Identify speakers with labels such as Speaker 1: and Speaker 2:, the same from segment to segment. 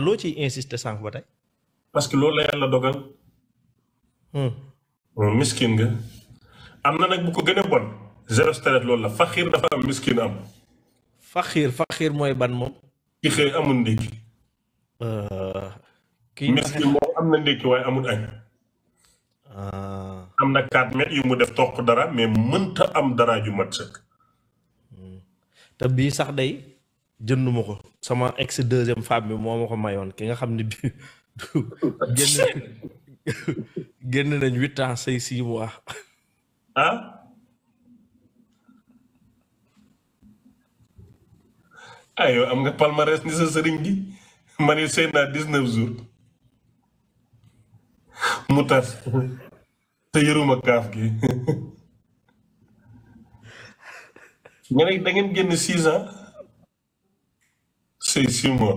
Speaker 1: loo ciy insister sànq ba tey. parce que loolu la yàlla dogal. Hmm. miskin nga. am na nag bu ko gën a bon. zéro stress loolu la faxiir dafa am miskin am.
Speaker 2: faxiir faxiir mooy ban moom. ki xëy amul ndékki. Euh,
Speaker 1: miskin moom am na ndékki waaye amul añ. Ah. am na 4 mètres yu mu def toq dara mais mënta am dara ju mat sëkk.
Speaker 2: Hmm. te bii sax day. jënduma ko sama ex deuxième femme bi moo ma ko mayoon ki nga xamni bi genn génn nañ 8 ans say mois
Speaker 1: ah Ayo, ah, am nga palmarès ni sa serigne gi mané séna 19 jours mutas te yëruma kaf gi ngay da ngeen genn 6 ans Seisimo.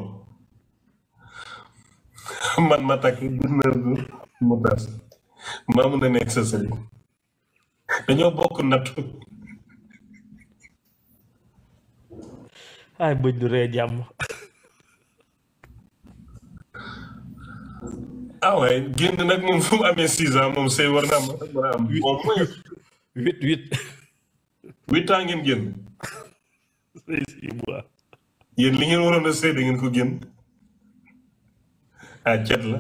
Speaker 1: man ma takk dënër bu mu tas maa mun a nekk sa sëriñ dañoo bokk nattu
Speaker 2: ay bëj du ree jàmm
Speaker 1: ah ouais génn nag moom fu mu amee ans moom sëy war na mën a am moom huit huit ans ngeen génn sëy six yéen li ngeen waroon a sëy da ngeen ko génn ah cet la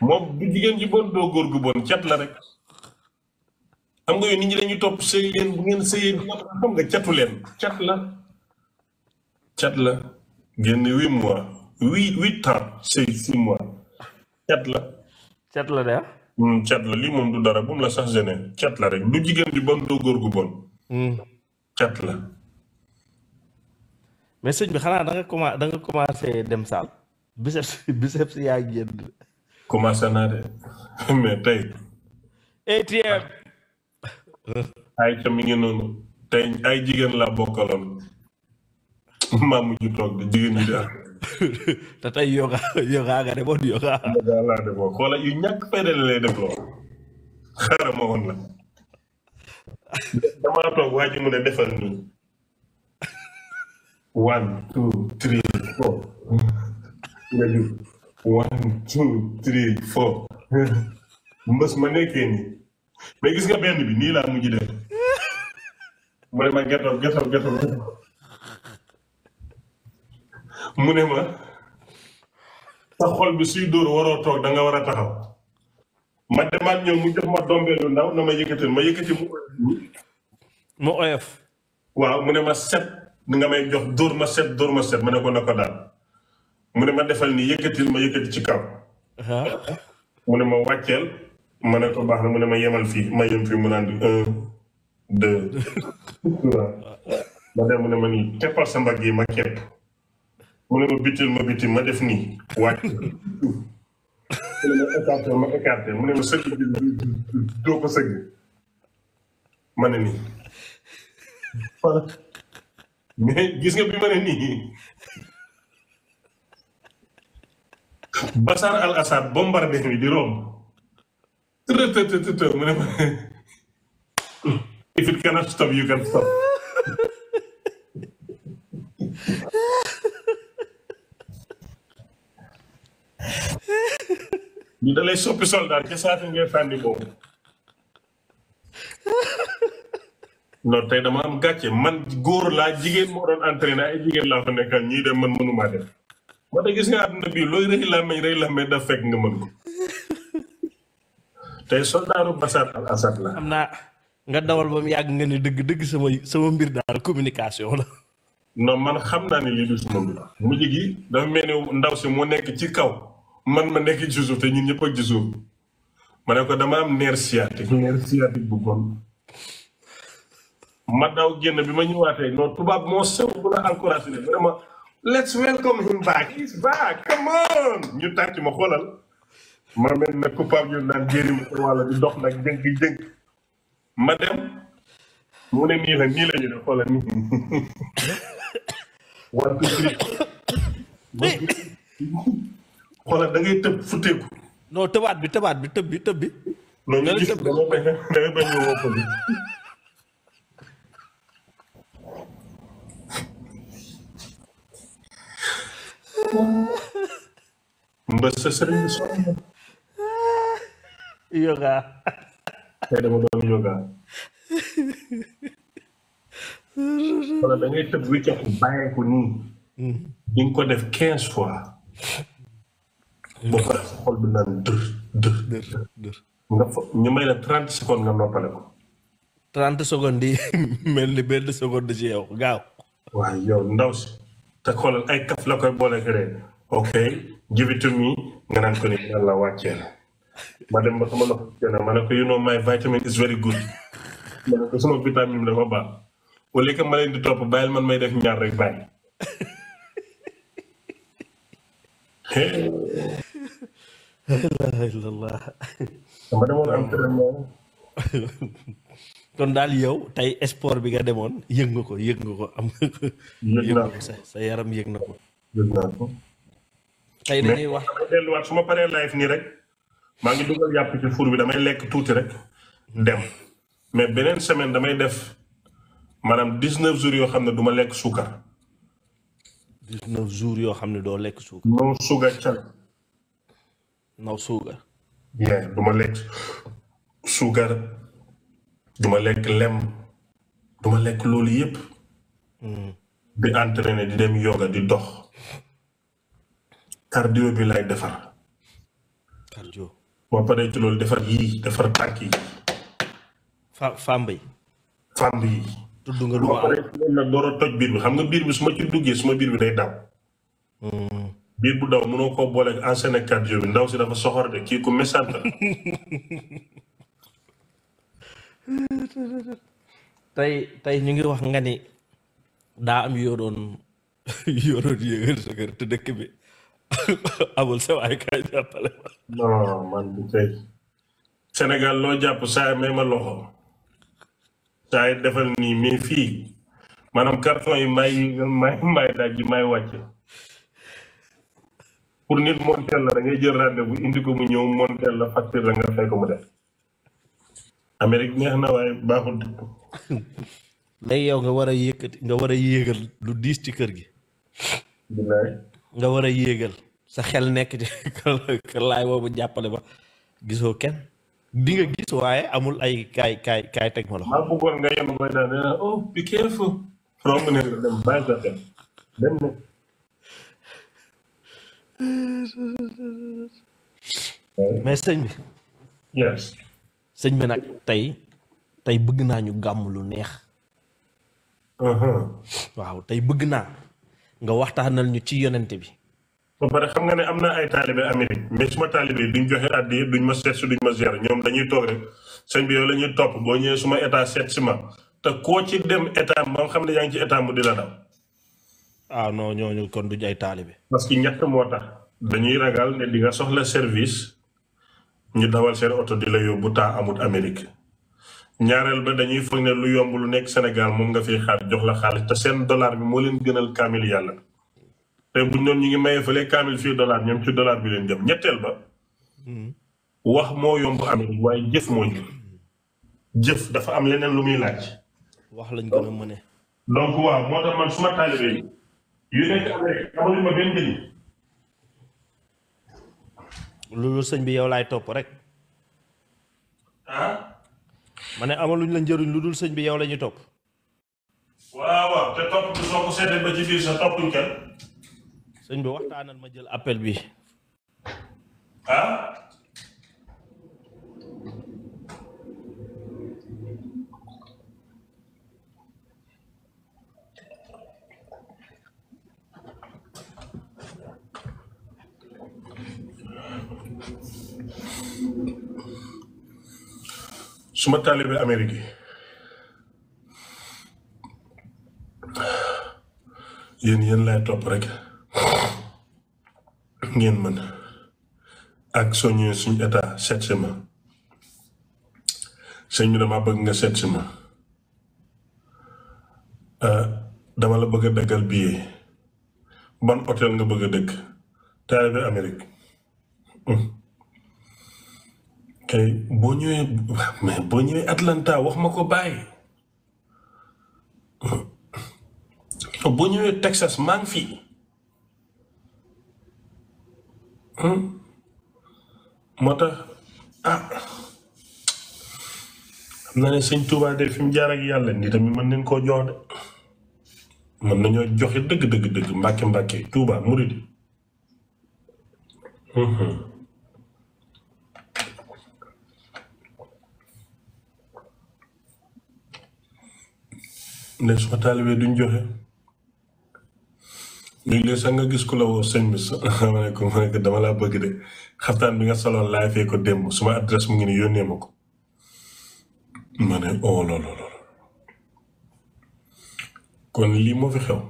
Speaker 1: moom du jigéen ji bon doo góor gu bon cat la rek xam nga yow nit ñi dañuy topp sëy leen bu ngeen sëyee du xam nga cetu leen cet la cat la génn huit mois huit huit ans sëy la cet la de ah? hmm, cet la lii moom du dara bu mu la sax gêné cat la rek du jigéen ji bon doo góor gu bon hmm. cet la
Speaker 2: mais sëñ bi xanaa da nga commencé da nga commencé dem saal
Speaker 1: biceps biceps yaa génn. commencé naa de mais tey.
Speaker 2: ATM. ay
Speaker 1: tam mi noonu. tey ay jigéen laa bokkaloon. maa mujj toog de jigéen ñi daal. te tey yoga nga demoon yoga. yoga xoola yu ñàkk fayda lay def lool. xaaral woon la. damaa toog waa ji mu ne defal nii. One, two, three, four. Maju. One, two, three, four. Mbas ma nekkee nii. mais gis nga benn bi nii laa mujj def. mu get up, get up. gertoo gertoo. mu ne ma sa xol bi suy dóor waroo toog da nga war a taxaw. ma demaat ñëw mu jox ma dombeelu ndaw na ma yëkkatil ma yëkkati mu mu oyof. waaw mu ma set ni nga may jox dóor ma set dóor ma set ma ne ko na daal mu ne ma defal nii yëkkatil ma yëkkati ci kaw. mu ne ma wàcceel ma ne baax na ma yemal fii ma yem fii mu naan un deux ma ma nii teppal sa mbagg yi ma kepp mu ne ma bitil ma bitil ma def nii wàcc mu ne ma écarté ma écarté mu ne ma sëgg doo ko sëgg ma ne nii gis nga bi ma al Assad bombardé ni di Rome if it cannot stop you can stop Ni dalay soppi soldat ca saati ngey fandi bo non tey dama am gàcce man góor laa jigéen moo doon na ay jigéen laa fa nekkal ñii dem man mënumaa def moo tax gis nga àdduna bi looy rëy làmmeñ rëy làmmeñ daf fekk nga mën ko tey soldaaru
Speaker 2: Bachar al Assad la am naa nga dawal ba mu yàgg nga ne dëgg dëgg sama sama mbir daal communication la
Speaker 1: non man xam naa ne lii du suma mbir mujj gi dafa ndaw si mu nekk ci kaw man ma nekk ci te ñun ñëpp ak ma ne ko dama am nerf sciatique nerf sciatique bu bon ma daw génn bi ma ñëwaatee non tubaab moo sew bu la encouragé ne vraiment let's welcome him back he's back come ñu tàcc ma xoolal ma mel na coupable ñu dox nag jënk jënk ma dem mu ne nii la nii la ñu ne nii
Speaker 2: one two da ngay tëb futteeku non tëbaat bi tëbaat bi tëb bi tëb bi loolu gis da nga bañ da nga bañ ñu woo bi
Speaker 1: sono. Mbak sering sono. Iya kak. Saya yoga. Kalau da itu tëb week bàyyee ko nii. di nga ko def quinze fois. ba pare sa dur, dur. naan dër dër. dër dër nga fa ñu may ya, trente secondes nga
Speaker 2: noppale di mel ni benn seconde
Speaker 1: te ay kaf la koy boole ree ok give it to me nga naan ko ni yàlla wàccee na ma dem ba sama loxo jënd ma ne you know my vitamin is very good ma sama vitamine dafa baax au lieu que di topp bàyyil man may def ñaar rek bàyyi.
Speaker 2: la ilaha illallah. dama demoon am traitement. kon dal yow tay sport bi nga demone yëg nga ko yëg nga ko am nga ko. sa sa yaram yëg na ko.
Speaker 1: tay naa dañuy wax delu wat suma ma live ni rek ma ngi duggal yapp ci four bi damay lek touti rek dem mais benen semaine damay def manam 19 jours yo xamne duma lek ma
Speaker 2: 19 jours yo xamne do lek lekk suukar. no sugar cal. no sugar. yeah duma lek
Speaker 1: sugar duma lek lem duma lek loolu yep hmm. di entraîner di dem yoga di dox cardio bi lay defar cardio boo pare ci loolu defar yi defar tanki
Speaker 2: fambi fambi tuddu nga lu
Speaker 1: ma am loolu toj bir bi xam nga bir bi suma ci duggé suma bir bi day daw hmm. bir bu daw mënoo koo booleeg ancien cardio bi ndaw si dafa soxor de ki ku messante
Speaker 2: tay tay ñu ngi wax nga ni da am yoron yoroon yeugal sa kër te dekk bi amul sa way kay jappale ma.
Speaker 1: non man bu tay senegal lo japp sa may ma loxo tay defal ni mi fi manam carton yi may may may daj yi may wacc pour nit montel la da ngay jël rendez-vous indi ko mu ñew montel la facture la nga fay ko mu def. Amérique neex na waaye baaxul.
Speaker 2: léegi yow nga war a yëkkati nga war a yéegal lu diis ci kër gi. bilaay. nga war a yéegal sa xel nekk ci kër laay boobu jàppale ba gisoo kenn di nga gis waaye amul ay kaay kaay kaay teg ma loxo. maa
Speaker 1: bëggoon nga yem mooy daal nee naa oh be careful. romb ne la
Speaker 2: dem bàyyi sa xel dem na. mais sëñ bi. yes. sëñ bi nak tay tay bëgg naa ñu gàmm lu neex. uhuh waaw tay bëgg na nga waxtaanal ñu ci yonente bi. ba bari xam nga ne
Speaker 1: amna ay talibé Amérique mais suma talibé duñ joxe addi duñ ma seet si duñ ma ziar ñom dañuy tok rek sëñ bi yow lañuy top bo ñëw suma état seet si ma te ko ci dem état ba xam ne yaa ci état mu di la daw.
Speaker 2: ah non ñoo ñu kon duñ ay talibé parce que ñatt mo tax.
Speaker 1: dañuy ragal ne di nga soxla service. ñu dawal seen oto di la yóbbu taa amut Amérique ñaareel ba dañuy foog ne lu yomb lu nekk Sénégal moom nga fiy xaar jox la xaalis te seen dollar bi moo leen gënal kaamil yàlla te bu ñoom ñu ngi mayee fële kaamil fii dollar ñoom ci dollar bi leen jëm ñetteel ba wax moo yomb Amérique waaye jëf moo jëf dafa am leneen lu muy laaj. wax lañ gën a mën a. donc moo tax man suma taalibe yu nekk Amérique amaluñ ma benn njëriñ
Speaker 2: loolu sëñ bi yow laay topp rek. ah. ma ne amaluñ la njëriñ lu dul sëñ bi yow la ñuy topp. waaw te topp bi soo ko seetee ba ci biir toppuñ kenn. sëñ bi waxtaanal ma jël appel bi.
Speaker 1: suma talibé amérique yeen yeen lay top rek ngeen man ak soñu suñu état septième si dama bëgg nga septième euh dama la bëgg a daggal ban hôtel nga bëgg dëkk talibé amérique hmm. boo ñëwee boo ñëwee Atlanta wax ma ko bàyyi boo ñëwee Texas maa ngi fii hmm? moo tax ah xam naa ne sëñ Touba de fi mu jaar ak yàlla nii tamit mën nañ koo jox de mën nañoo joxe dëgg dëgg dëgg mbàkke mbàkke Touba murid hmm, hmm. ne suma taalibee duñ joxe léeg-léeg sax nga gis ku la woo sëñ bi ma ne ko ma dama laa bëgg de xaftaan bi nga soloon laay fee ko démb suma adresse mu ngi ni yónnee ma ko ma ne oh loolu kon lii moo fi xew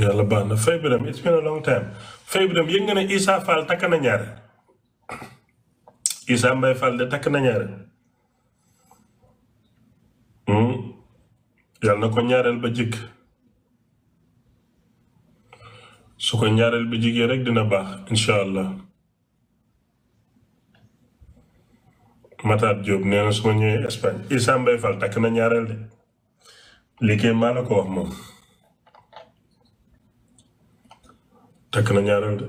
Speaker 1: yàlla baax na Faye Birame it's been a long time Faye Birame yëg nga ne Issa Fall takk na ñaare Issa Mbaye Fall de takk na ñaare yàlla na ko ñaareel ba jig su ko ñaareel ba jigee rek dina baax incha allah Matar Diop nee na su ko ñëwee Espagne Issa Mbaye Fall takk na ñaareel de liggéey maa la ko wax moom takk na ñaareel de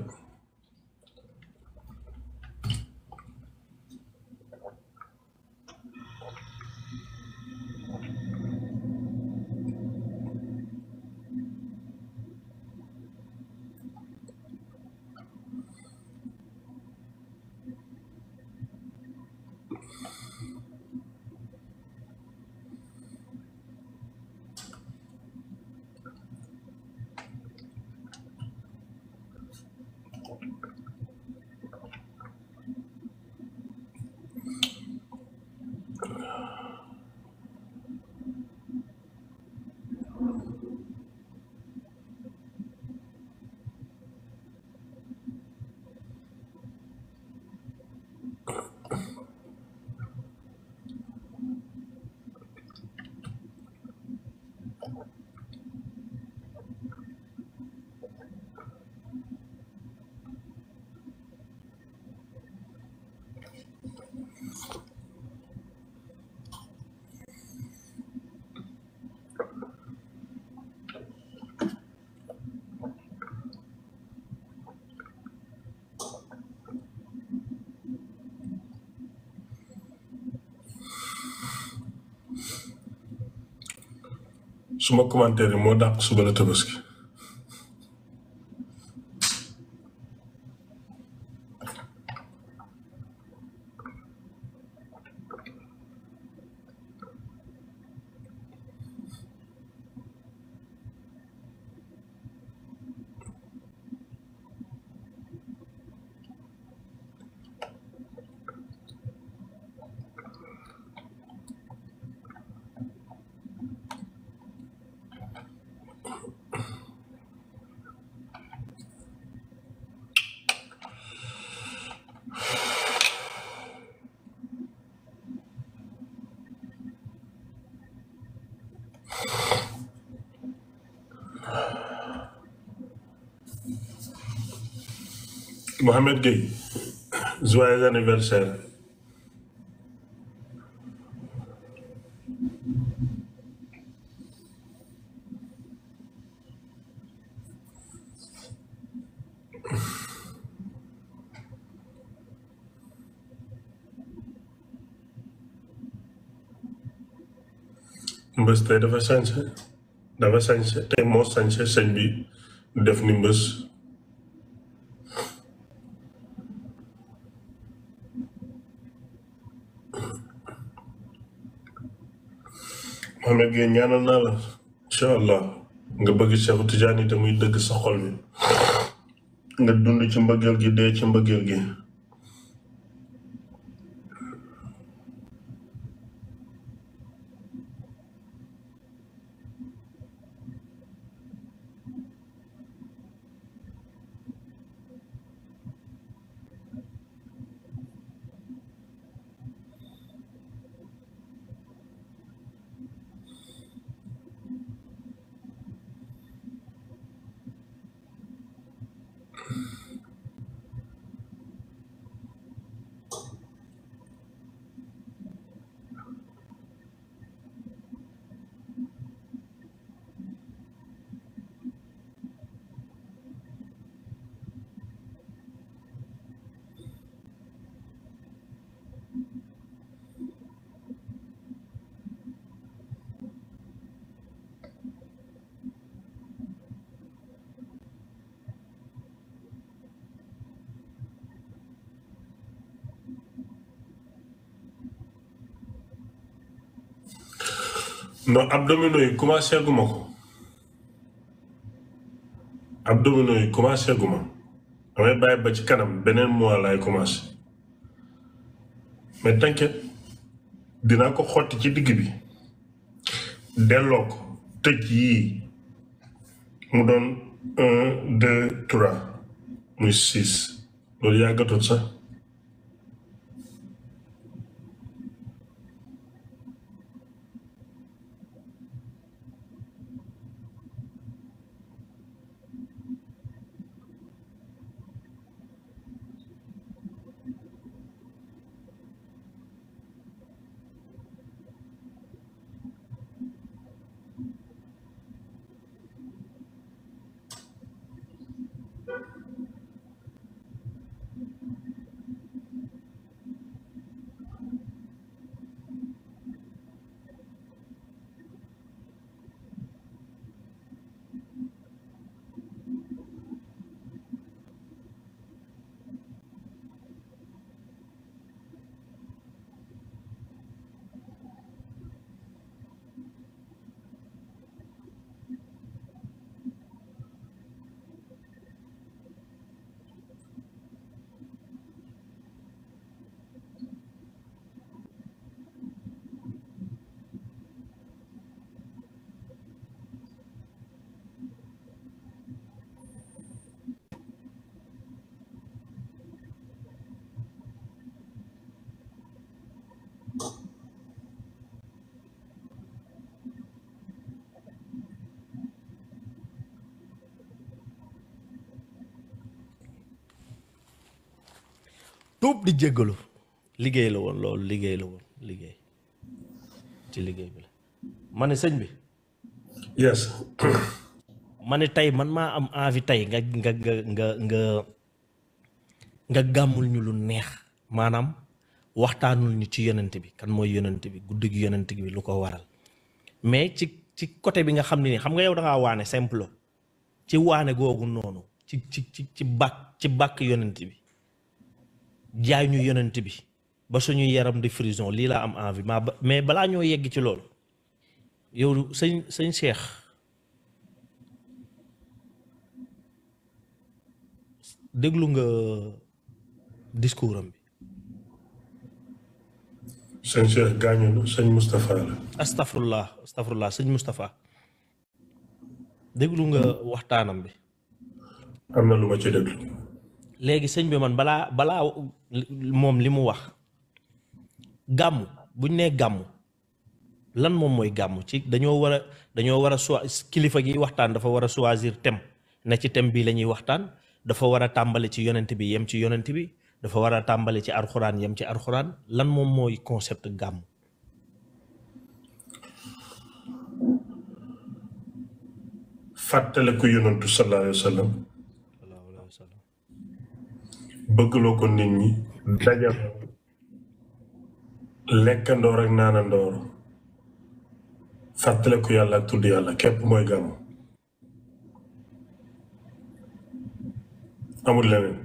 Speaker 1: suma commentaire yi moo dàq suba la tabaski Mohamed Gueye, joyeux anniversaire. mbës tey dafa sañse dafa sañse tey moo sañse sëñ bi def ni mbës Ahmed Gueye ñaanal naa la incha allah nga bëgg Cheikh Tidiane te muy dëgg sokol xol bi nga dund ci mbëggeel gi dee ci mbëggeel gi non abdominaux yi commencé guma ko abdominaux yi commencé guma damay bàyyi ba ci kanam beneen mois laay commencé mais t'inquiète dinaa ko xotti ci digg bi delloo ko tëj yii mu doon un deux trois muy six loolu yàggatul sax
Speaker 2: tuub di jéggalu liggéey la woon loolu liggéey la woon liggéey ci liggéey bi la ma ne sëñ bi yes ma ne tey man maa am envie tey nga nga nga nga nga gàmmul ñu lu neex maanaam waxtaanul ñu ci yonent bi kan mooy yonent bi guddi gi yonent bi lu ko waral mais ci ci côté bi nga xam ne nii xam nga yow da waane simple ci waane googu noonu ci ci ci ci ci bàkk yonent bi jaay ñu yonent bi ba suñu yaram di frison lii laa am envie ma mais balaa ñoo yegg ci loolu yow sëñ sëñ Cheikh déglu nga discours am bi. sëñ Cheikh gaañu la sëñ la. astafurlah astafurlah sëñ Moustapha déglu nga waxtaanam bi. am na lu ma ci déglu. léegi sëñ bi man balaa balaa moom li mu wax gàmmu buñ nee gàmmu lan moom mooy gàmmu ci dañoo war a dañoo war a kilifa gi waxtaan dafa war a choisir thème na ci thème bii lañuy waxtaan dafa wara a tàmbali ci yonent bi yem ci yonent bi dafa war a tàmbali ci alxuraan yem ci alxuraan lan moom mooy concept gàmmu.
Speaker 1: fàttaliku yonentu sallallahu alayhi bëgguloo ko nit ñi dajal lekkandoor ak naanandoor fàttaliku yàlla ak tudd yàlla képp mooy gàmmu
Speaker 2: amut leneen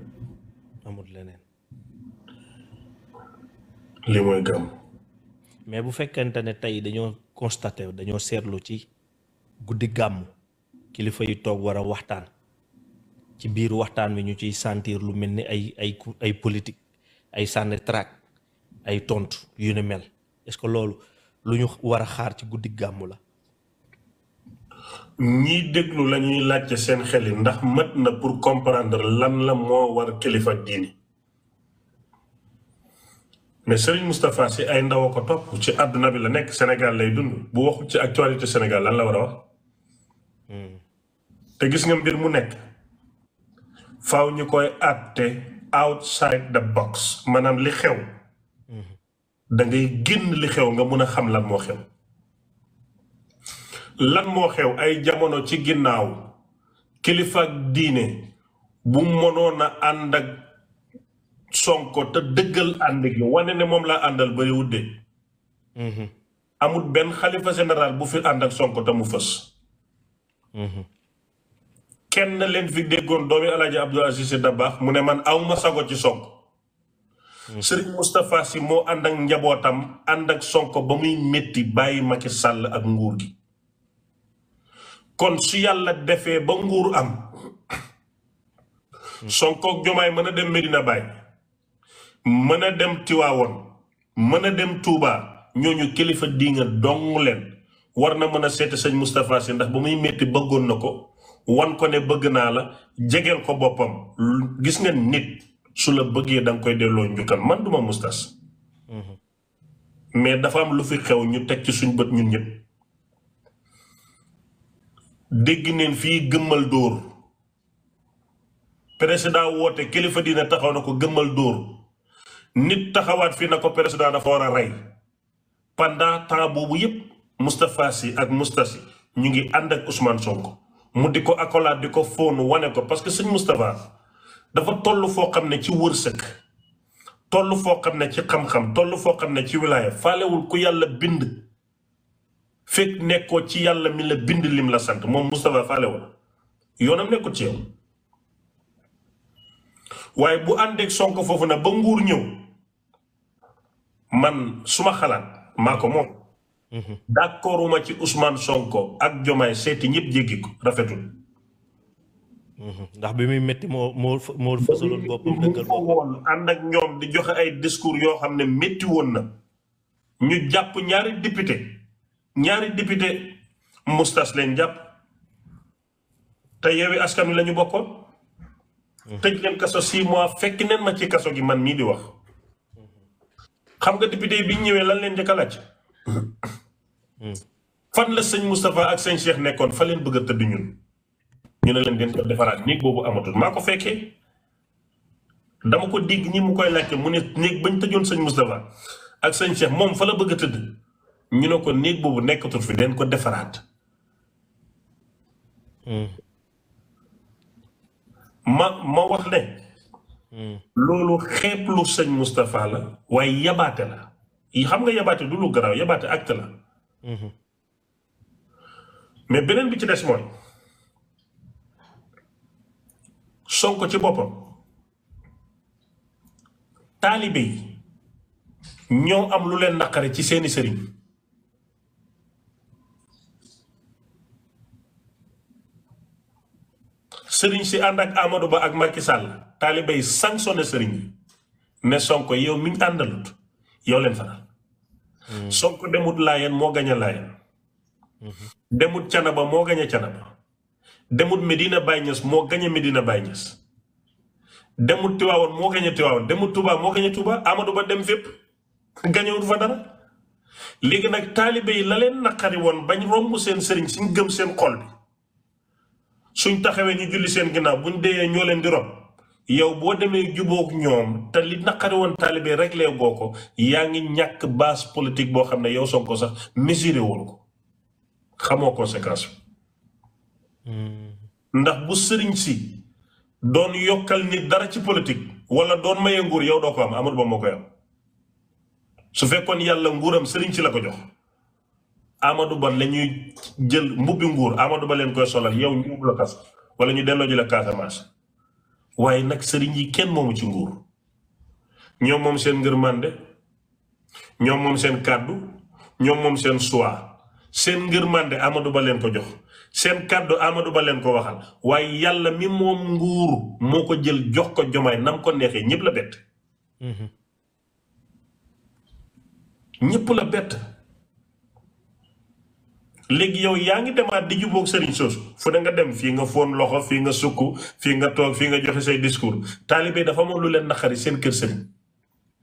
Speaker 2: amul leneen li mooy gàmmu mais bu fekkente ne tey dañoo constaté dañoo seetlu ci guddi gàmm kilifa yi toog war a waxtaan ci biir waxtaan wi ñu ciy sentir lu mel ni ay ay ay politique ay sànni track ay tontu yu ne mel est-ce que loolu lu ñu war a xaar ci guddi gàmmu la.
Speaker 1: ñii déglu la ñuy laajte seen xel yi ndax mat na pour comprendre lan la moo war kilifa diini mais Serigne Moustapha Sy ay ndaw a ko topp ci àdduna bi la nekk Sénégal lay dund bu waxul ci actualité Sénégal lan la war a wax. Hmm. te gis nga mbir mu nekk. faaw ñu koy àtte outside the box maanaam li xew
Speaker 2: mm-hmm.
Speaker 1: dangay ngay génn li xew nga mun a xam lan moo xew lan moo xew ay jamono ci ginnaaw kilifa ak diine bu mënoon a ànd ak sonko dëggal ànd gi wane ne moom laa àndal bari wudde mm-hmm. amul benn xalifa général bu fi ànd ak sonko mu fës mm-hmm. kenn leen fi déggoon doomi alaaji Abdou Aziz Sy Dabakh mu ne man awma sago ci Sonko hmm. sëriñ Moustapha Sy moo ànd ak njabootam ànd ak Sonko ba muy métti bàyyi ma Macky sàll ak nguur gi kon su yàlla defee ba nguur am hmm. Sonkook Jomaay mën a dem Medina Baye mën a dem Tiwaawoon mën a dem Touba ñooñu kilifa di nga leen war na mën a seeti sëñ Moustapha Sy ndax ba muy métti bëggoon na ko wan ko ne bëgg naa la jegeel ko boppam gis nga nit su la bëggee da nga koy delloo njukkal man duma mustas mais dafa am lu fi xew ñu teg ci suñ bët ñun ñëpp dégg neen fii gëmmal dóor président woote kilifa dina taxaw na ko gëmmal dóor nit taxawaat fii na ko président dafa war a rey pendant temps boobu yépp Moustapha Sy ak Moustapha Sy ñu ngi ànd ak Ousmane Sonko mu di ko accolade di ko fóonu wane ko parce que sëñ Moustapha dafa toll foo xam ne ci wërsëg toll foo xam ne ci xam-xam toll foo xam ne ci wilaaya faalewul ku yàlla bind fekk nekkoo ci yàlla mi la bind lim la sant moom Moustapha faalewul yoonam nekkul ci yow waaye bu àndeek sonk foofu na ba nguur ñëw man suma xalaat maa ko moom d'accorduma ci Ousmane Sonko ak Diomaye séti ñëpp jéggi ko rafetul.
Speaker 2: ndax bi muy metti mo mo moo fësaloon boppam dëggal
Speaker 1: boppam ànd ak ñom di joxe ay discours yo xam metti won na ñu japp ñaari député ñaari député moustas leen japp tay yewi askan lañu la hmm. tej leen kasso 6 mois fekk neen ma ci kasso gi man mi di wax. xam nga député bi ñëwee lan leen jëkalacc Hmm. fan la sëñ Moustapha ak sëñ Cheikh nekkoon fa leen bëgg a tëdd ñun ñu ne leen den ko defaraat néeg boobu amatul maa ko fekkee dama ko digg ñi mu koy laajte mu ne néeg bañ tëjoon sëñ Moustapha ak sëñ Cheikh moom fa la bëgg a tëdd ñu ne ko néeg boobu nekkatul fi den ko defaraat. Hmm. ma ma wax ne. Hmm. loolu xeeblu sëñ Moustapha la waaye yabaate la yi xam nga yabaate du lu garaaw yabaate acte la. Mhm. mais beneen bi ci des mooy Sonko ci boppam taalibe yi ñoo am lu leen naqare ci seeni sëriñ sëriñ si ànd ak Amadou Ba ak Macky Sall taalibe yi sanctionné sëriñ yi ne Sonko yow mi ñu àndalut yow leen fanaan Mm-hmm. Sonko demut Laayeen moo gañ a Laayeen demut Canaba moo gañe a Canaba demut Medina Baye Niass moo gañ a Medina Baye Niass demut Tiwaawoon moo gañ a Tiwaawoon demut Touba moo gañ a Touba Amadou Ba dem fépp gañewut fa dara léegi nag taalibe yi la leen naqari woon bañ romb seen sëriñ siñ gëm seen xol bi suñ taxawee ñu julli seen ginnaaw buñ dee ñoo leen di rob yow boo demee jubóog ñoom te li naqari woon taalibe rek lee boo ko yaa ngi ñàkk base politique boo xam ne yow Sonko sax mesuré wul ko xamoo conséquence bi hmm. ndax bu sëriñ si doon yokkal nit dara ci politique wala doon maye nguur yow doo ko am amul ba moo koy am su fekkoon yàlla nguuram sëriñ si la ko jox Amadou Ba la ñuy jël mbubbi nguur Amadou Ba leen koy solal yow ñu ubbi la kas wala ñu delloo ji la Casamance waaye nag sëriñ yi kenn moomu ci nguur ñoo moom seen ngërmande ñoo moom seen kàddu ñoom moom seen choix seen ngërmande Amadou Ba leen ko jox seen kàddu Amadou Ba leen ko waxal waaye yàlla mi moom nguur moo ko jël jox ko jomaay nam ko neexee ñëpp la bett mm-hmm. ñëpp la bett léegi yow yaa ngi demaat di jubóog sëriñ soosu fu de nga dem fii nga foon loxo fii nga sukk fii nga toog fii nga joxe say discours taalibe dafa moom lu leen naqari seen kër sëriñ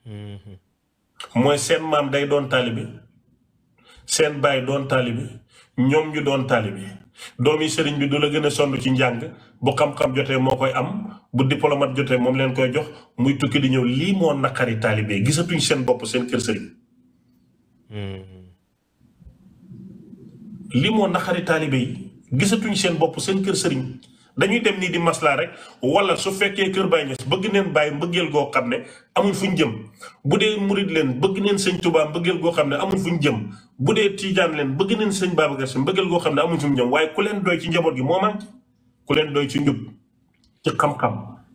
Speaker 1: mm-hmm. mooy seen maam day doon taalibe seen baay doon taalibe ñoom ñu doon taalibe doomi sëriñ bi du la gën a sonn ci njàng bu xam-xam jotee moo koy am bu diplomate jotee moom leen koy jox muy tukki di ñëw lii moo naqari taalibe gisatuñ seen bopp seen kër sëriñ li moo naxari taalibe yi gisatuñu seen bopp seen kër sëriñ dañuy dem nii di maslaa rek wala su fekkee kër Baay Ñas bëgg neen bàyyi mbëggeel goo xam ne amul fu ñu jëm bu dee murid leen bëgg neen sëñ Tuubaa mbëggeel goo xam ne amuñ fu ñu jëm bu dee tiijaan leen bëgg neen sëñ Babacar Si mbëggeel goo xam ne amul fu ñu jëm waaye ku leen doy ci njaboot gi moo manqué ku leen doy ci njub ci xam-xam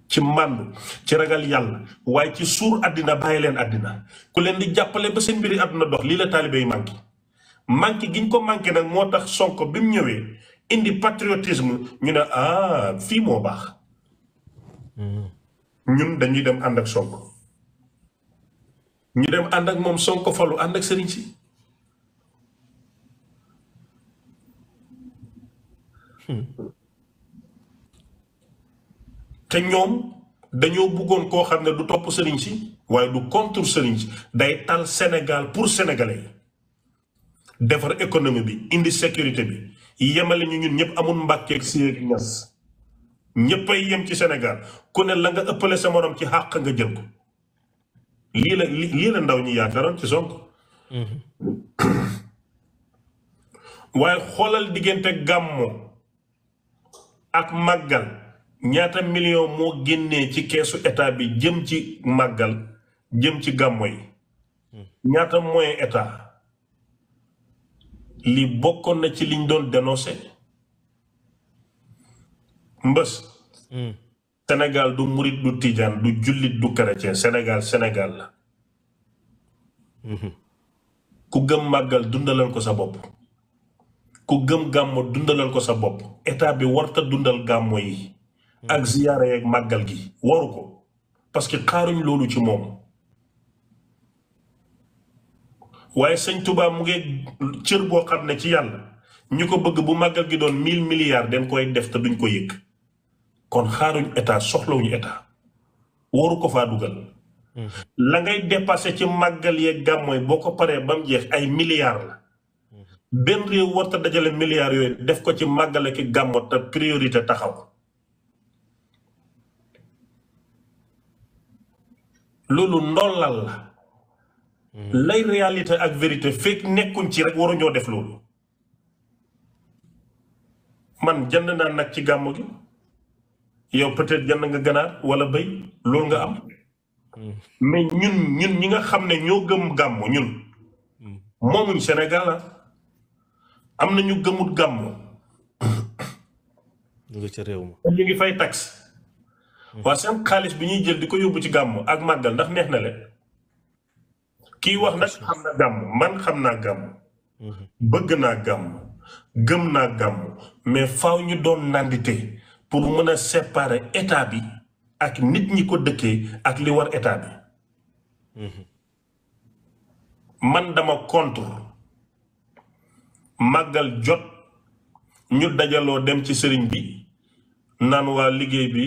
Speaker 1: ci mànd ci ragal yàlla waaye ci suur àddina bàyyi leen àddina ku leen di jàppale ba seen mbiri àdduna dox lii la taalibe yi manki giñ ko manqué nak motax sonko bim ñëwé indi patriotisme ñu na ah fi mo bax ñun dañuy dem and ak sonko ñu dem and ak mom sonko falu and ak serigne ci té ñom dañu bëggoon ko xamné du top serigne ci waye du contre serigne ci day tal sénégal pour sénégalais defar économie bi indi sécurité bi yemale ñu ñun ñëpp amul mbàkkeeg séeg ñas ñëppay yem ci Sénégal ku ne la nga ëppale sa morom ci xàq nga jël ko lii la lii la ndaw ñi yaakaaroon ci Sonko mm-hmm. waaye xoolal diggante gàmmu ak màggal ñaata million moo génnee ci keesu état bi jëm ci màggal jëm ci gàmmu yi mm. ñaata moyen état li bokkoon na ci liñ doon dénoncé mbës hmm. Sénégal du murit du tijaan du jullit du chrétien Sénégal Sénégal la hmm. ku gëm màggal dundalal ko sa bopp ku gëm gàmmo dundalal ko sa bopp état bi warta dundal gàmmo yi hmm. ak ziyaare ak màggal gi waru ko parce xaaruñ loolu ci moom waaye seigne Touba mu ngi cieur bo xamne ci yalla ñuko bëgg bu màggal gi doon 1000 milliards den koy def te duñ ko yek kon xaruñ état soxlawuñu état waru ko fa duggal hmm. la ngay dépasser ci màggal ye gamoy boko paré bam jeex ay milliards la. Hmm. ben rew warta dajale milliards yoy def ko ci màggale ki gamot ta priorité taxaw. lolu ndolal Mm. lay réalité ak vérité fekk nekkuñ ci rek waruñoo def loolu man jënd naa nag ci gàmmu gi yow peut-être jënd nga ganaar wala béy loolu nga am mm. mais ñun ñun ñi nga xam ne ñoo gëm gàmm ñun mm. moomuñ Sénégal la ah. am na ñu gëmut gàmm
Speaker 2: ñu ngi ca réew ma
Speaker 1: ñu ngi fay tax waa seen xaalis bi ñuy jël di ko yóbbu ci gàmm ak màggal ndax neex na leen kii wax nag xam na gàmm man xam naa gàmm. bëgg naa gàmm gëm naa gàmm mais faw ñu doon nandite pour mën a séparer état bi ak nit ñi ko dëkkee ak li war état bi. man dama contre màggal jot ñu dajaloo dem ci sëriñ bi. naan waa liggéey bi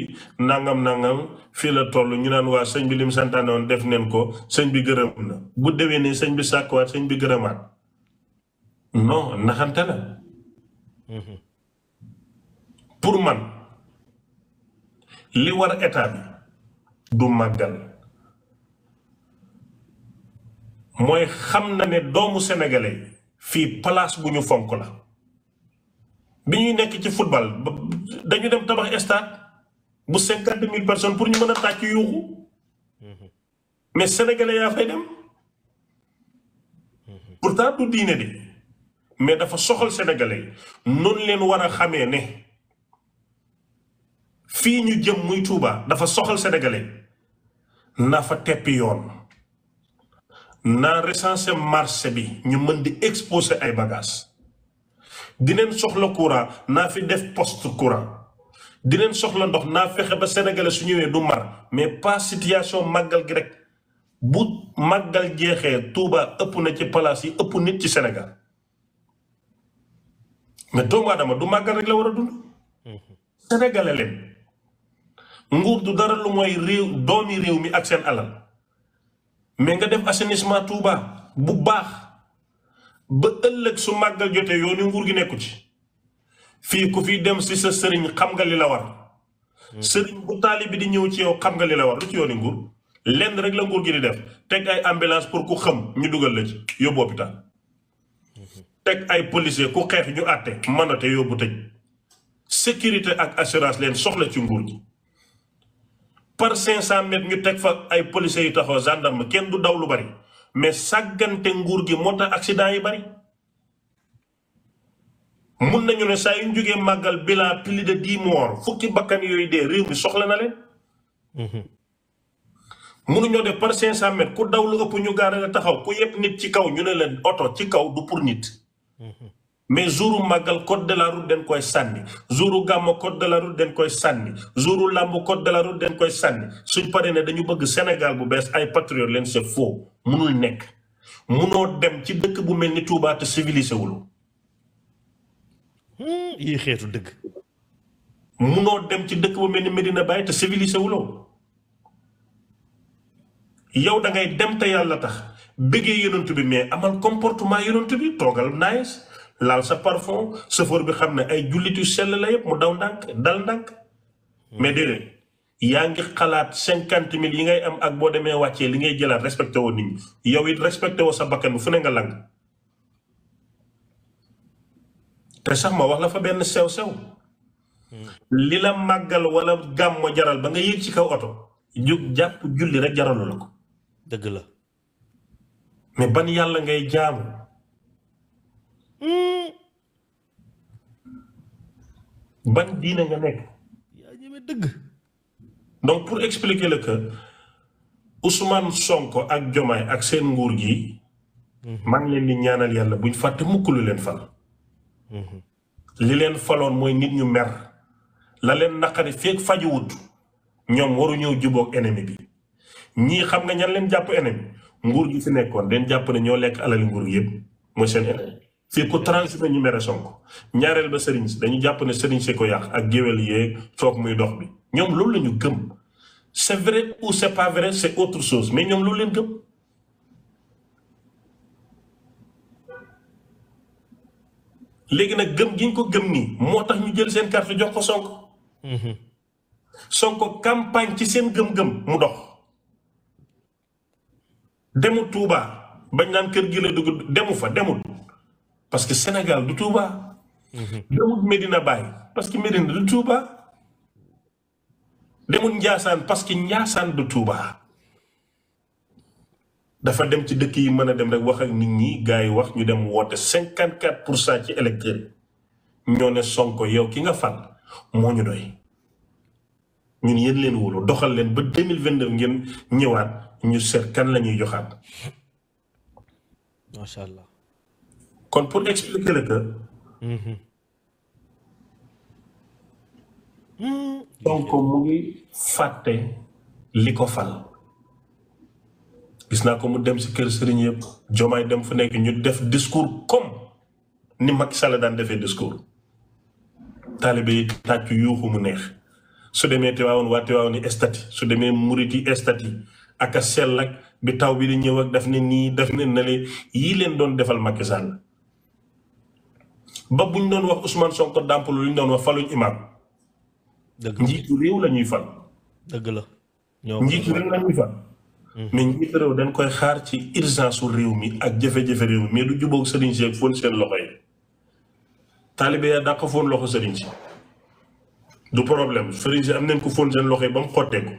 Speaker 1: nangam nangam fii la tollu ñu naan waa sëñ bi lim santaane woon def neen ko sëñ bi gërëm bu déwee ne sëñ bi sàkkuwaat sëñ bi gërëmaat non naxante la mhm. pour man li war état bi du màggal mooy xam na ne doomu sénégalais fii palaas bu ñu fonk la bi ñuy nekk ci football dañu dem tabax stade bu cinquante mille personnes pour ñu mën a tàcc yuuxu mais sénégalais yaa fay dem pourtant du diine de mais dafa soxal sénégalais noonu leen war a xamee ne fii ñu jëm muy Touba dafa soxal sénégalais na fa teppi yoon naa recenser marché bi ñu mën di exposer ay bagages. dineen soxla courant naa fi def poste courant dineen soxla ndox naa fexe ba sénégalais su ñëwee du mar mais pas situation màggal gi rek bu màggal jeexee Touba ëpp na ci palaas yi ëpp nit ci Sénégal mais doomu aadama du màggal rek la war a dund sénégalais nguur du dara lu mooy réew doomi réew mi ak seen alal mais nga def assainissement Touba bu baax ba ëllëg su màggal jotee yoonu nguur gi nekku ci fii ku fi dem si sa sëriñ xam nga la war hmm. sëriñ bu taalibe bi di ñëw ci yow xam nga li la war lu ci yooni nguur lenn rek la nguur gi di def teg ay ambulance pour ku xam ñu dugal la ci yóbbu hôpital hmm. teg ay policier ku xeex ñu àtte mënate yóbbu tëj sécurité ak assurance leen soxla ci nguur gi par 500 mètres ñu teg fa ay policiers yu taxaw gendarme kenn du daw lu bari mais sàggante nguur gi moo tax accident yi bari mun nañu ne saa yu ñu màggal bilan plus de dix fukki bakkan yooyu dee réew mi soxla na leen. mënuñoo mhm. def par cinq cent mètres ku daw lu pour ñu gaare la taxaw ku yëpp nit ci kaw ñu ne leen oto ci kaw du pour nit. Mhm. mais jour màggal code de la route koy sànni jouru gàmmo code de la route koy sànni jouru làmb code de den koy sànni suñ paree ne dañu bëgg Sénégal bu bees ay patriote leen c'est faux munul nekk munoo dem ci dëkk bu mel ni Touba te civilisé wuloo
Speaker 2: hmm, yii xeetu dëgg munoo
Speaker 1: dem ci dëkk bu mel ni Medina Baye te civilisé wuloo yow da ngay dem te yàlla tax bëggee yonent bi mais amal comportement yonent bi toogal nice laal sa parfum chauffeur bi xamne ay julitu sel la yeb mu daw ndànk dal ndànk mais déedéet yaangi xalaat yi ngay am ak bo demee wàccee li ngay jëlaat respecté wo nit ñi yow it respecté wo sa bakkan fu ne nga lang té sax ma wax la fa ben sew-sew lila magal wala gam mo jaral ba nga yéeg ci kaw auto juk japp julli rek jaralu lako deug la mais ban yalla ngay jaamu
Speaker 2: ban diine nga nekk yaa ñeme dëgg donc pour
Speaker 1: expliquer le que Ousmane Sonko ak Jomaay ak seen nguur gi mhm. man leen di ñaanal yalla buñ fàtte mukkul leen fal mhm. li leen faloon moy nit ñu mer la leen naqari feeg wut ñom waru ñew jubok ennemi bi ñi xam nga ñan leen japp ennemi nguur gi fi nekkon den japp ne ñoo lek alal nguur yeb mo seen fii ku transhumé ñu mere Sonko ñaareel ba sëriñ si dañu jàpp ne sëriñ si ko yàq ak géwél yee foog muy dox bi ñoom loolu lañu ñu gëm c' est vrai ou c' est pas vrai c' est autre chose mais ñoom loolu leen gëm. léegi nag gëm gi ñu ko gëm nii moo tax ñu jël seen carte jox ko Sonko. Mhm. Sonko campagne ci seen gëm-gëm mu dox. demu Touba bañ naan kër gi la dugg demu fa demul. parce que Sénégal du Touba.
Speaker 2: demul
Speaker 1: Medina Bay parce que Medina du Touba. demul Niassane parce que Niassane du Touba. dafa dem ci dëkk yi mën dem rek wax ak nit ñi gaay wax ñu dem woote 54 ci électeur yi ñoo ne Sonko yow ki nga fal mo ñu doy. ñun yeen leen wóolu doxal leen ba 2022 ngeen ñëwaat ñu sét kan lañuy ñuy joxaat. macha allah. kon pour expliquer la
Speaker 2: mhm.
Speaker 1: hmm. donc mu ngi fàtte li ko fal. gis naa ko mu dem si kër sëriñ yëpp jomaay dem fu nekk ñu def discours comme ni Macky Sall daan defee discours. taalibe yi tàcc yuuxu mu neex su demee Tiwaawoon waa Tiwaawoon yi estati su demee murit yi estati ak a sell ak bi taw bi di ñëw ak daf ne nii daf ne na yii leen doon defal Macky Sall ba bu ñu doon wax Ousmane Sonko dàmpalu li ñu doon wax faluñ imaam. dëgg la njiitu réew la ñuy fal.
Speaker 2: dëgg la ñoo njiitu
Speaker 1: hmm. mais njiitu réew dañ koy xaar ci urgence su réew mi ak jafe-jafe réew mi mais du jubóog sëriñ si ak foon seen loxo yi. taalibe yaa dàq foon loxo sëriñ si. du problème sëriñ si am nañ ko foon seen loxo yi ba mu xottee ko.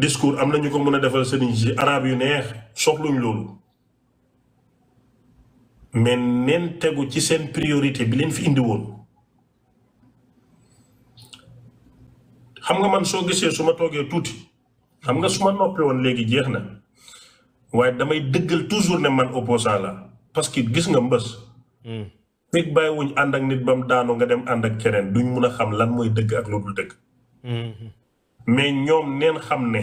Speaker 1: discours am nañu ko mën a defal sëriñ si araab yu neex soxluñ loolu. mais neen tegu ci seen priorité bi leen fi indi woon xam nga man soo gisee su ma toogee tuuti xam nga su ma noppee woon léegi jeex na waaye damay dëggal toujours ne man opposant la parce que gis nga mbës hmm. fekk bàyyiwuñ ànd ak nit ba mu daanu nga dem ànd ak keneen duñ mun a xam lan mooy dëgg ak lu dëgg hmm. mais ñoom neen xam ne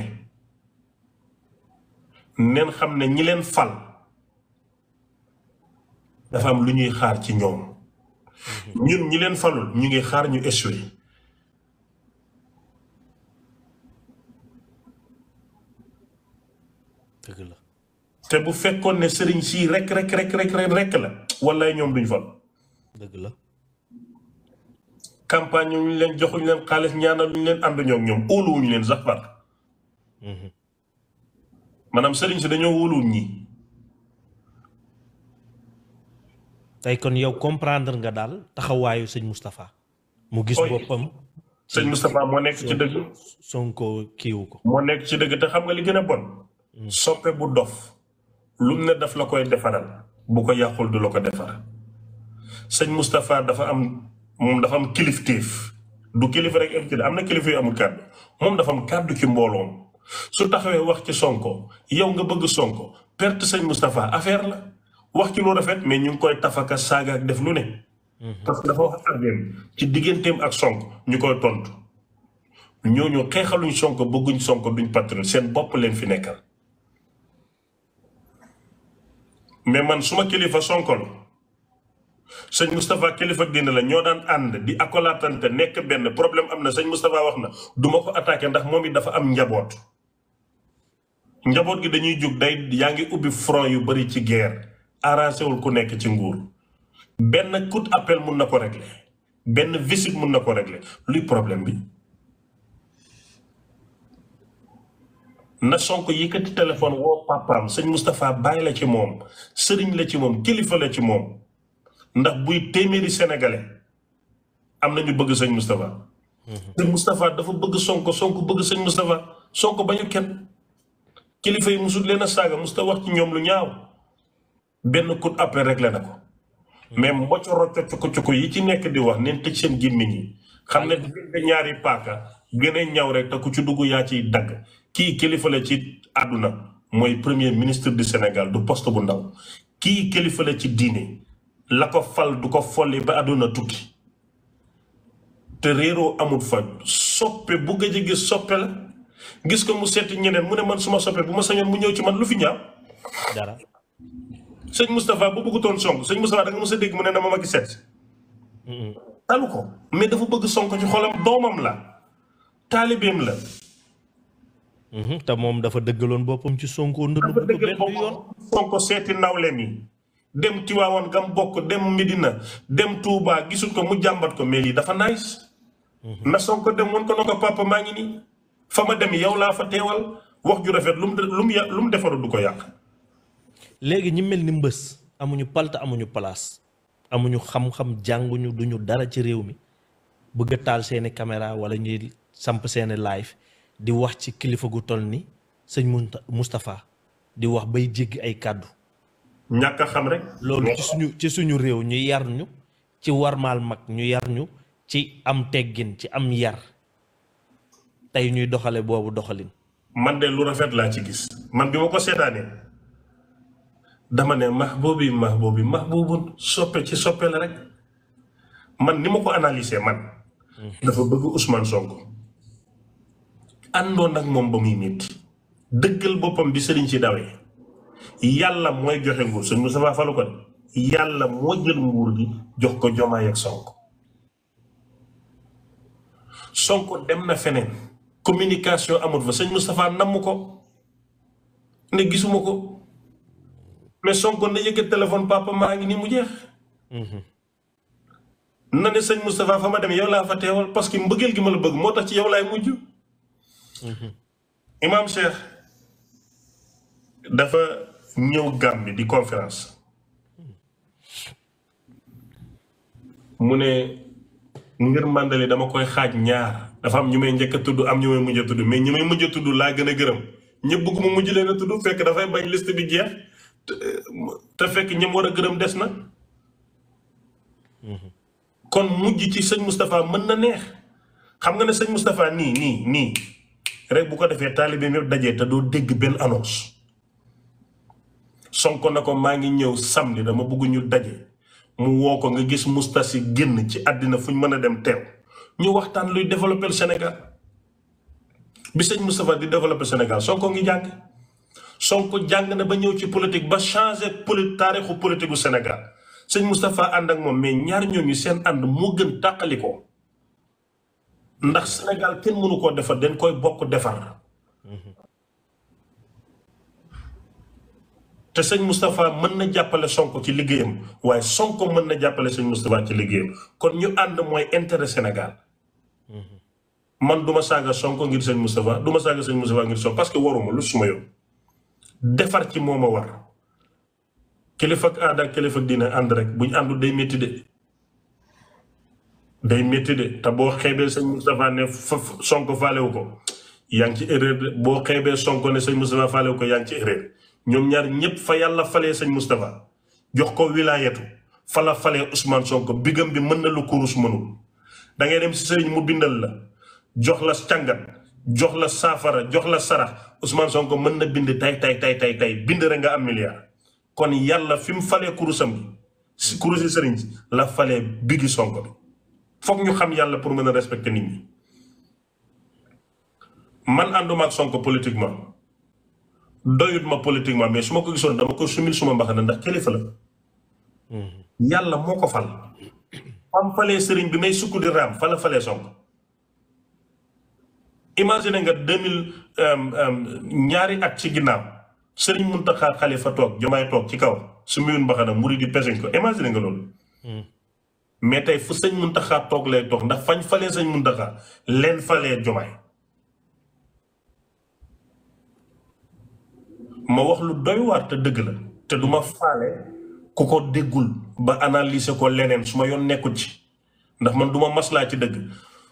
Speaker 1: neen xam ne ñi leen fal dafa am lu ñuy xaar ci ñoom ñun ñi leen falul ñu ngi xaar ñu échoué dëgg la te bu fekkoon ne sëriñ sii rek rek rek rek rek la wallaay ñoom duñ fal dëgg la campagne ñu leen joxuñ leen xaalis ñaana ñu leen ànd ñoom ñoom óoluwuñu leen
Speaker 2: sax far mhm. maanaam sëriñ si dañoo wóoluwuñ ñi tay kon yow comprendre nga dal taxawayu seigne mustapha mu gis bopam seigne mustapha mo nek ci deug sonko kiiwu ko
Speaker 1: mo nek ci deug te xam nga li gëna bon hmm. soppé bu dof lu ne daf la koy defaral bu ko yàqul du lako ko defar sëñ Moustapha dafa am mom dafa am kilifteef du kilifa rek invité ci amna kilifa yu amul kàddu mom dafa am ci mbolom su taxawé wax ci sonko yow nga bëgg sonko perte seigne mustapha affaire la wax ci lu rafet mais ñu ngi koy tafaka saga ak def lu ne. Mhm. parce que dafa wax ardeem ci digganteem ak sonk ñu koy tontu ñooñu xeexaluñ sonk bëgguñ sonk duñ patron seen bop leen fi nekkal. mais man suma kilifa sonko la Mustafa Moustapha kilifa la ñoo daan and di akolatante nekk benn problème am na Mustafa Moustapha wax na duma ko attaquer ndax momi dafa am njabot njabot gi dañuy jóg day yaangi ubi front yu bari ci guerre. arrangé wul ku nekk ci nguur benn coup appel mun na ko régler benn visite mun na ko régler luy problème bi na Sonko yëkkati téléphone woo papaam sëñ Moustapha bàyyi la ci moom sëriñ la ci moom kilifa la ci moom ndax buy téeméeri sénégalais am na ñu bëgg sëñ Moustapha. Mhm. sëñ Moustapha dafa bëgg Sonko Sonko bëgg sëñ Moustapha ba bañu kenn kilifa yi musul leen saaga musta wax ci ñoom lu ñaaw. benn coup après réglé na ko mais mbocoro cocco-cocco yi ci nekk di wax neen tëj seen gémmiñ ñi xam ne diggante ñaari paaka gën ñaw rek te ku ci dugg yaa ciy dagg kii kilifa la ci àdduna mooy premier ministre du Sénégal du poste bu ndaw kii kilifa la ci diine la ko fal du ko folli ba àdduna tukki te réeroo amut fa soppe bu gëj a gis soppe gis ko mu seeti ñeneen mu ne man suma soppee bu ma sañoon mu ñëw ci man lu fi ñaaw sëñ Moustapha bu bëggutoon Sonko sëñ Moustapha da nga a dégg mu ne dama Macky seet si. Mm-hmm. talu ko mais dafa bëgg Sonko ci xolam doomam la taalibeem la.
Speaker 2: Mm-hmm. te moom dafa dëggaloon boppam ci Sonko ndënd ko
Speaker 1: benn yoon Sonko seeti nawleem yi dem Tiwaawan gam bokk dem Medina dem Touba gisul ko mu jàmbat ko mais lii dafa nice mm-hmm. na Sonko dem woon ko na ko papa maa ngi nii fa ma dem yow laa fa teewal wax ju rafet lu mu lu mu defaru du ko yàq
Speaker 2: léegi ñi mel ni mbës amuñu palta amuñu place amuñu xam-xam jànguñu duñu dara ci réew mi bëgg taal seeni caméra wala ñuy samp seeni live di wax ci kilifa gu toll ni sëñ Moustapha di wax bay jéggi ay kàddu
Speaker 1: ñàkk xam rek loolu ci suñu
Speaker 2: ci suñu réew ñu yar ñu ci warmaal mag ñu yar ñu ci am teggin ci am yar tey ñuy doxale boobu doxalin
Speaker 1: man de lu rafet laa ci gis man bi ma ko seetaanee dama ne mahbuubi mahbuubi mahbuubun soppe ci soppeel rek man ni ma ko analyser man. dafa bëgg Ousmane Sonko. àndoon ak moom ba muy nit dëggal boppam bi sëriñ si dawee yàlla mooy joxe nguur sëñ Moustapha falu ko yàlla moo jël nguur gi jox ko Jomaay ak sonk Sonko dem na feneen communication amul fa sëñ Moustapha namm ko ne gisuma ko. mais Sonko na yëkkat téléphone papa maa ngi ni mu jeex. Mhm. na ne sëñ Moustapha fa ma dem yow laa fa teewal parce que mbëggeel gi ma la bëgg moo tax ci yow laay mujj. Mhm. imam Cheikh dafa ñëw gambi di conférence. mu ne ngir mandali dama koy xaaj ñaar dafa am ñu may njëkk tudd am ñu may mujj tudd mais ñu may mujj tudd laa gën a gërëm ñëpp bëgg mu mujj leen a tudd fekk dafay bañ liste bi jeex. te fekk ñam war a gërëm des na kon mujj ci sëñ Moustapha mën na neex xam nga ne sëñ Moustapha nii nii nii rek bu ko defee taalibe yëpp dajee te doo dégg benn annonce Sonko na ko maa ngi ñëw samedi dama bëgg ñu daje mu woo ko nga gis Moustapha génn ci àddina fu ñu mën a dem teew ñu waxtaan luy développer senegal bi sëñ Moustapha di développer senegal Sonko ngi jàng Sonko jàng na ba ñëw ci politique ba changé poli taarixu politique gu Sénégal sëñ Moustapha ànd ak moom mais ñaar ñooñu seen ànd moo gën tàqali ko ndax Sénégal kenn mënu koo defar dañ koy bokk defar. te sëñ Moustapha mën na jàppale Sonko ci liggéeyam waaye Sonko mën na jàppale sëñ Moustapha ci liggéeyam kon ñu ànd mooy intérêt Sénégal. Mhm. man du ma saaga Sonko ngir sëñ Moustapha du saaga sëñ Moustapha ngir Sonko parce que waruma lu suma yoon. defar ci moom a war kilifa ak aada ak kilifa ak diine ànd rek buñ àndul day métti de day métti de te boo xeebee sëñ Moustapha ne Sonko faalewu ko ngi ci erreur boo xeebee Sonko ne sëñ ko yaa ngi ci erreur ñoom ñaar ñëpp fa yàlla falee sañ Moustapha jox ko wilaayatu fa la falee Ousmane Sonko bigam bi mën na lu kurus mënul da dem sëriñ mu bindal la jox la càngat. jox la saafara jox la sarax Ousmane Sonko mën na bind tay tay tay tay tay bind rek nga am milliard kon yàlla fi mu falee kurusam bi si kurusi sëriñ si la falee bigi Sonko bi foog ñu xam yàlla pour mën a respecter nit ñi man ànduma ak politiquement doyut ma politiquement mais su ma ko gisoon dama ko sumil suma mbaxana ndax kilifa la hmm. yàlla moo ko fal fam falee sëriñ bi may sukk di raam fa la falee Sonko imagine nga deux mille euh, euh, ñaari at ci ginnaaw sëriñ Muntaxa Xalifa toog jomaay toog ci kaw su muyun mbaxana muri di peseñ ko imagine nga loolu hmm. mais tey fu sëñ Muntaxa toog lay toog ndax fañ falee sëñ Muntaxa leen falee jomaay ma wax lu doy waar te dëgg la te duma ma faale ku ko déggul ba analyser ko leneen su ma yoon nekkul ci ndax man duma ma maslaa ci dëgg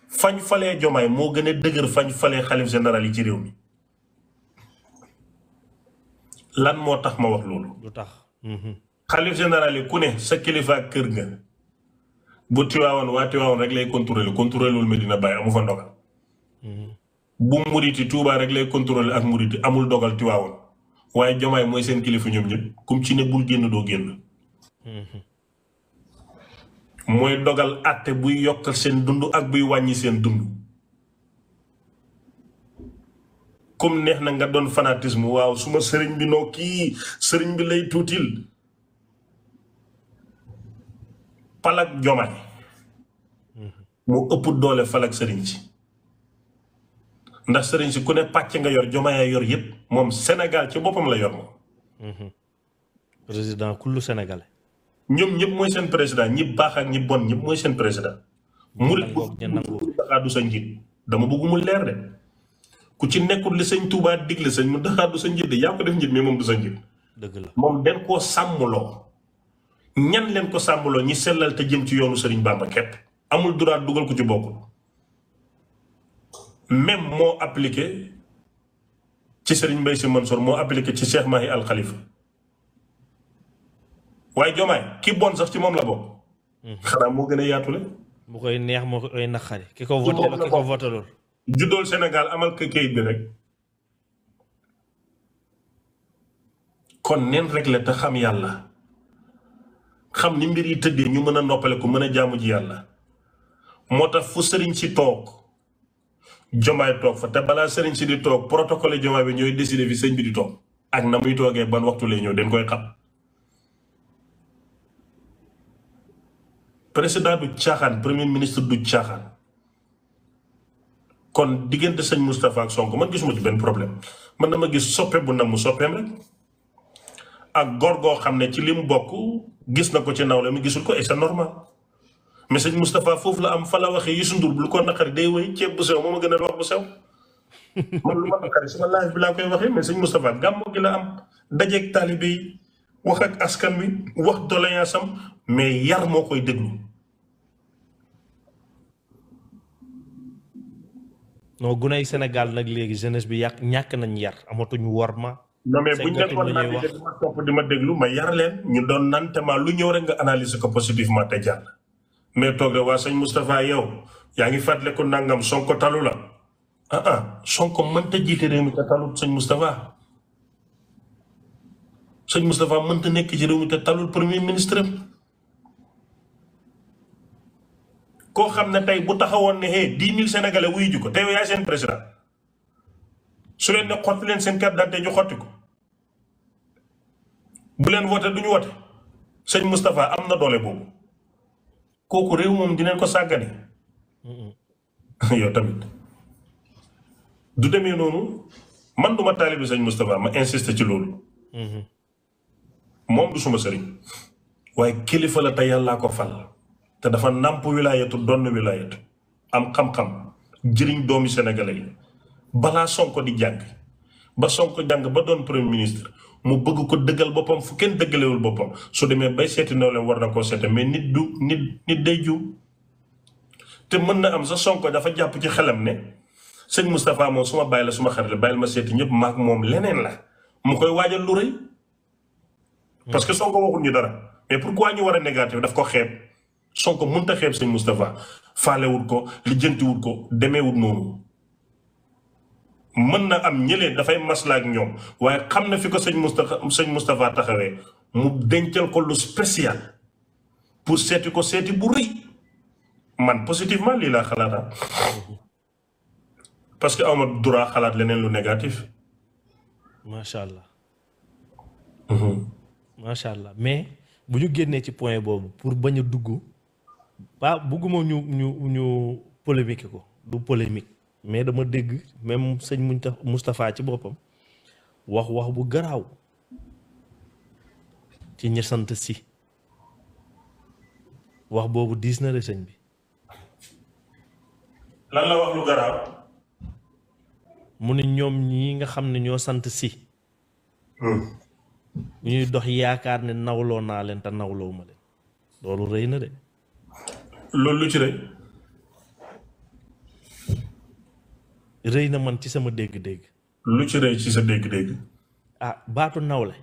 Speaker 1: fañ falee jomaay moo gën a dëgër fañ falee xalif général yi ci réew mi lan moo tax ma wax loolu.
Speaker 2: du tax. Mhm.
Speaker 1: xalif général yi ku ne sa kilifa kër nga bu tiwaawoon waa tiwaawoon rek lay contrôler contrôler wul Medina bàyyi amu fa ndogal. Mhm. bu muriti Touba rek lay contrôler ak muriti amul dogal tiwaawoon waaye jomaay mooy seen kilifa ñoom ñëpp comme ci ne bul génn doo génn. Mhm. mooy dogal àtte buy yokkal seen dund ak buy wàññi seen dund comme neex na nga doon fanatisme waaw suma sëriñ bi noo kii sëriñ bi lay tuutil palak jomay moo ëpp doole falak sëriñ si ndax sëriñ si ku ne pàcc nga yor jomaay a yor yépp moom Sénégal ci boppam la yor moom
Speaker 2: mhm. président kullu sénégalais
Speaker 1: ñoom ñëpp mooy seen président ñi baax ak ñi bon ñëpp mooy seen président. mu Muntaxa du sa njiit dama bëgg mu leer de ku ci nekkul li sëñ Touba digle sëñ Muntaxa du sa njiit de yaa ko def njiit mais moom du sa njiit. dëgg la moom den koo sàmmloo. ñan leen ko sàmbaloo ñi sellal te jëm ci yoonu Serigne Bamba ket amul droit dugal ko ci bokkul même moo appliqué ci Serigne Mbaye Sy Mansour moo appliqué ci Cheikh Mahi Al waaye Diomaye ki bon sax ci moom la bokk. Mhm. xanaa moo gën a yaatule.
Speaker 2: mu koy neex moo koy naqari. ki ko voté ki ko voté lool.
Speaker 1: juddool Sénégal amal ka kayit bi rek. kon neen rek la te xam yàlla. xam ni mbir yi tëddee ñu mën a noppale ku mën a jàmm ji yàlla. moo tax fu sëriñ si toog. Diomaye toog fa te balaa sëriñ si di toog protocole Diomaye bi ñooy décider sëñ bi di toog. ak na muy toogee ban waxtu lay ñëw dañ koy xam. président du caaxaan premier ministre du caaxaan kon diggante sëñ Moustapha ak Sonko man gisuma ci benn problème man ma gis soppe bu nam mu soppeem rek ak góor goo xam ne ci li mu bokk gis na ko ci nawle mu gisul ko et sa normal mais sëñ Moustapha foofu la am fa la waxee Youssou Ndour bu lu ko naqari day woy ceeb bu sew moo ma gën a wax bu sew man lu ma naqari sama laaj bi laa koy waxee mais sëñ Moustapha gi la am dajeeg taalibe wax ak askan wi wax doléance mais yar moo koy déglu.
Speaker 2: non gunóor yi Sénégal nag léegi jeunesse bi yàq ñàkk nañ yar amatuñu worma. non mais bu ñu doon naan ma topp ma déglu ma yar
Speaker 1: leen ñu doon te ma lu ñëw rek nga analise ko positivement te jàll. mais toog rek waa sëñ Moustapha yow yaa ngi fàttaliku nangam Sonko talu la ah ah Sonko mënta jiite réew mi te talut sëñ Moustapha. sëñ Moustapha mënta nekk ci réew mi te talul premier ministre koo xam ne tey bu taxawoon ne hey dix mille sénégalais wuyu ko te yaay seen président su leen ne xotti leen seen carte d'identité ñu xotti ko bu leen wote du ñu wote sëñ Moustapha am na doole boobu kooku réew moom dinañ ko sàggane yow tamit du demee noonu man duma taalibi sëñ Moustapha ma insiste ci loolu mm-hmm. mom du suma serigne waaye kilifa la te yàllaa ko fal te dafa namp wilayatu don wilayatu am xam-xam jëriñ domi sénégalais bala sonko di jang ba sonko jang ba don premier ministre mu bëgg ko dëggal bopam fu kenn dëggalewul bopam, su demee bay no le war na ko seete mais nit du nit nit day ju te mën na am sa sonko dafa japp ci xelam ne sëñ mustapha mo suma bayla suma xarit bayl ma seeti ñëpp mak mom leneen la mu koy lu reuy parce que Sonko waxul ñu dara mais pourquoi ñu war a négatif daf ko xeeb Sonko mënut a xeeb sëñ Moustapha faalewul ko lijjantiwul ko demeewul noonu mën na am ñëlee dafay maslaa ak ñoom waaye xam na fi ko sëñ Moustapha sëñ Moustapha taxawee mu dencal ko lu spécial pour seeti ko seeti bu rëy man positivement lii laa xalaata ah. parce que awma droit xalaat leneen
Speaker 2: lu négatif macha allah. Mhm. macha allah mais bu ñu génnee ci point boobu pour bañ a dugg waa ah, bëgguma ñu ñu ñu polémique ko du polémique mais dama dégg même sëñ mustafaa ci boppam wax wax bu garaaw ci ñi sant si wax boobu diis na de sëñ bi.
Speaker 1: lan la wax lu garaaw.
Speaker 2: mu ne ñoom ñi nga xam ne ñoo sant si. Hmm. ñuy dox yaakaar ne nawloo naa leen te nawloo ma leen loolu rëy na de. loolu lu ci rëy. rëy na man ci sama dégg-dégg. lu ci rëy ci sa dégg-dégg. ah baatu nawle.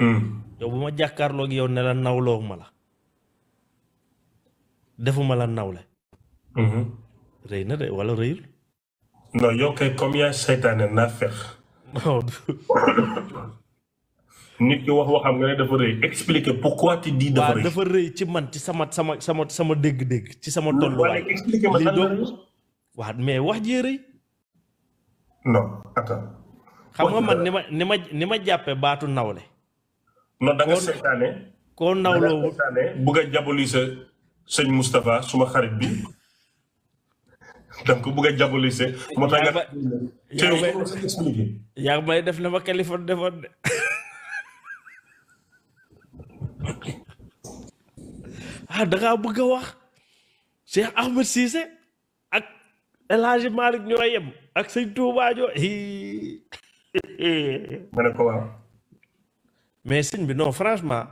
Speaker 2: Hmm. yow bu ma jàkkaarloog yow ne la nawloo ma la. defuma la nawle. Hmm. rëy na de wala rëyul. non yow comme yaa seytaane
Speaker 1: naa fex. nit ki wax waxam nga ne dafa
Speaker 2: rëy expliquer pourquoi tu dis dafa dafa rëy ci man ci sama sama sama sama dégg-dégg ci sama tolluwaay li doon waaw mais wax jee rëy non attends xam ma ni ma ni baatu nawle non da nga
Speaker 1: seetaane koo nawloo seetaane bëgg a jaboli sa sëñ suma xarit bi donc bëgg a jabolise moo tax nga
Speaker 2: yaa may def la ma Kaliphone defoon de ah dangaa bëgg a wax Cheikh Ahmed Cissé ak El Hadj Malick yem ak sëñ Touba ñoo ma mais sëñ bi non franchement